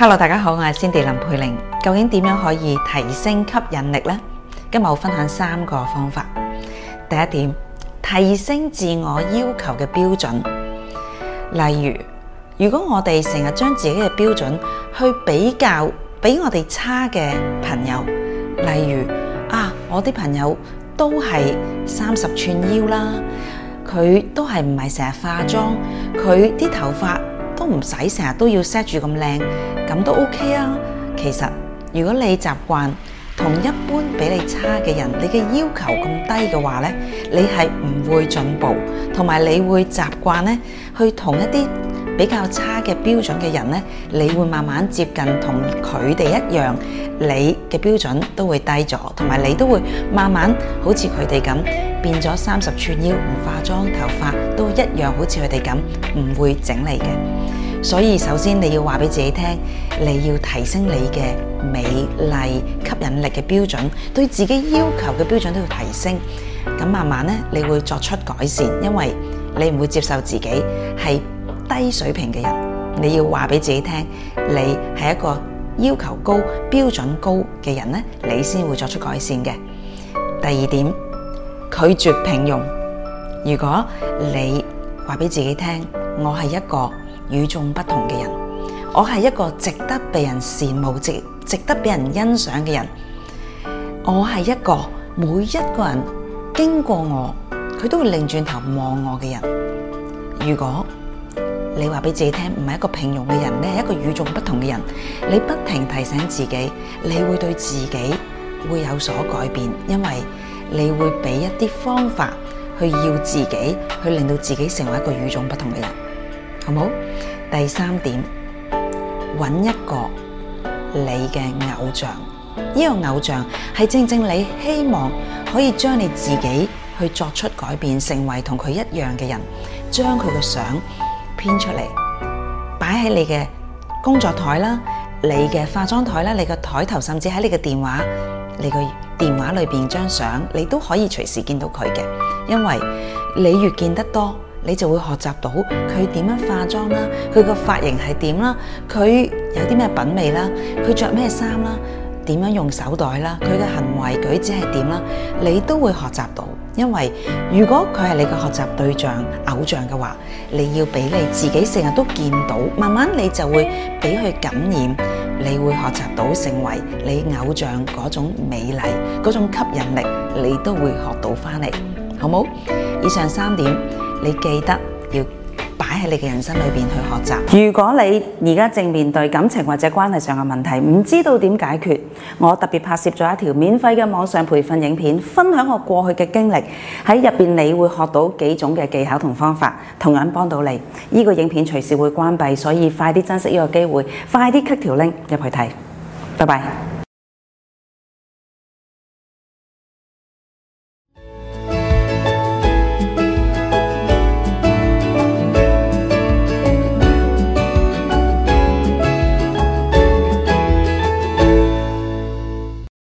Hello，大家好，我係 Cindy 林佩玲。究竟點樣可以提升吸引力呢？今日我分享三個方法。第一點，提升自我要求嘅標準。例如，如果我哋成日將自己嘅標準去比較比我哋差嘅朋友，例如啊，我啲朋友都係三十寸腰啦，佢都係唔係成日化妝，佢啲頭髮。都唔使成日都要 set 住咁靚，咁都 OK 啊。其實如果你習慣同一般比你差嘅人，你嘅要求咁低嘅話咧，你係唔會進步，同埋你會習慣咧去同一啲比較差嘅標準嘅人咧，你會慢慢接近同佢哋一樣，你嘅標準都會低咗，同埋你都會慢慢好似佢哋咁變咗三十寸腰，唔化妝，頭髮都一樣好似佢哋咁唔會整理嘅。所以首先你要話俾自己聽，你要提升你嘅美麗吸引力嘅標準，對自己要求嘅標準都要提升。咁慢慢咧，你會作出改善，因為你唔會接受自己係低水平嘅人。你要話俾自己聽，你係一個要求高、標準高嘅人咧，你先會作出改善嘅。第二點，拒絕平庸。如果你話俾自己聽，我係一個。與眾不同嘅人，我係一個值得被人羨慕、值值得被人欣賞嘅人。我係一個每一個人經過我，佢都會擰轉頭望我嘅人。如果你話俾自己聽，唔係一個平庸嘅人，你係一個與眾不同嘅人。你不停提醒自己，你會對自己會有所改變，因為你會俾一啲方法去要自己，去令到自己成為一個與眾不同嘅人。好，第三點，揾一個你嘅偶像，呢個偶像係正正你希望可以將你自己去作出改變，成為同佢一樣嘅人，將佢嘅相編出嚟，擺喺你嘅工作台啦、你嘅化妝台啦、你嘅台頭，甚至喺你嘅電話、你嘅電話裏邊張相，你都可以隨時見到佢嘅，因為你越見得多。你就會學習到佢點樣化妝啦，佢個髮型係點啦，佢有啲咩品味啦，佢着咩衫啦，點樣用手袋啦，佢嘅行為舉止係點啦，你都會學習到。因為如果佢係你嘅學習對象、偶像嘅話，你要俾你自己成日都見到，慢慢你就會俾佢感染，你會學習到成為你偶像嗰種美麗、嗰種吸引力，你都會學到翻嚟。好冇？以上三點，你記得要擺喺你嘅人生裏面去學習。如果你而家正面對感情或者關係上嘅問題，唔知道點解決，我特別拍攝咗一條免費嘅網上培訓影片，分享我過去嘅經歷，喺入面你會學到幾種嘅技巧同方法，同樣幫到你。呢、這個影片隨時會關閉，所以快啲珍惜呢個機會，快啲 click 條 link 入去睇。拜拜。